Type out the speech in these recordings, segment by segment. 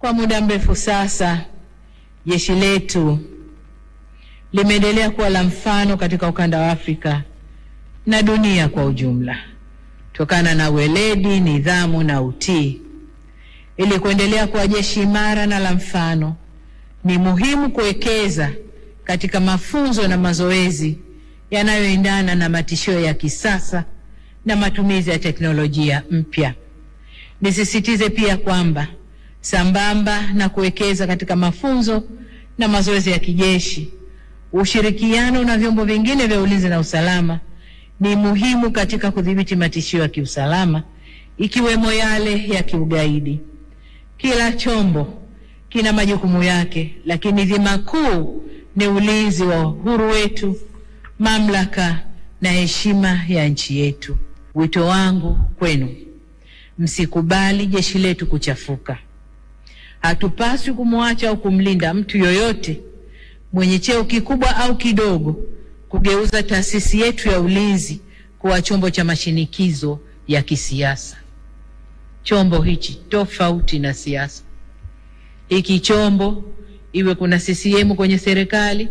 Kwa muda mrefu sasa jeshi letu limeendelea kuwa la mfano katika ukanda wa Afrika na dunia kwa ujumla kutokana na weledi, nidhamu na utii. Ili kuendelea kuwa jeshi imara na la mfano, ni muhimu kuwekeza katika mafunzo na mazoezi yanayoendana na matishio ya kisasa na matumizi ya teknolojia mpya. Nisisitize pia kwamba sambamba na kuwekeza katika mafunzo na mazoezi ya kijeshi. Ushirikiano na vyombo vingine vya ulinzi na usalama ni muhimu katika kudhibiti matishio ya kiusalama ikiwemo yale ya kiugaidi. Kila chombo kina majukumu yake, lakini dhima kuu ni ulinzi wa uhuru wetu, mamlaka na heshima ya nchi yetu. Wito wangu kwenu, msikubali jeshi letu kuchafuka. Hatupaswi kumwacha au kumlinda mtu yoyote mwenye cheo kikubwa au kidogo kugeuza taasisi yetu ya ulinzi kuwa chombo cha mashinikizo ya kisiasa. Chombo hichi tofauti na siasa. Hiki chombo iwe kuna CCM kwenye serikali,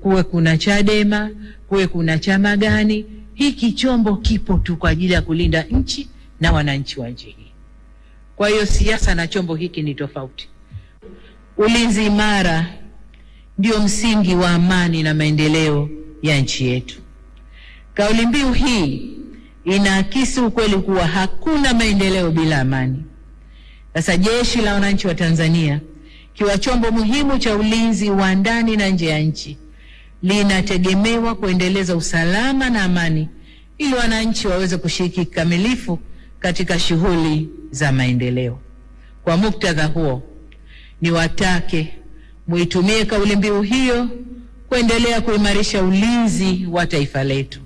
kuwe kuna Chadema, kuwe kuna chama gani, hiki chombo kipo tu kwa ajili ya kulinda nchi na wananchi wa nchi hii. Kwa hiyo siasa na chombo hiki ni tofauti. Ulinzi imara ndio msingi wa amani na maendeleo ya nchi yetu. Kauli mbiu hii inaakisi ukweli kuwa hakuna maendeleo bila amani. Sasa Jeshi la Wananchi wa Tanzania, kiwa chombo muhimu cha ulinzi wa ndani na nje ya nchi, linategemewa kuendeleza usalama na amani ili wananchi waweze kushiriki kikamilifu katika shughuli za maendeleo. Kwa muktadha huo, niwatake muitumie kauli mbiu hiyo kuendelea kuimarisha ulinzi wa taifa letu.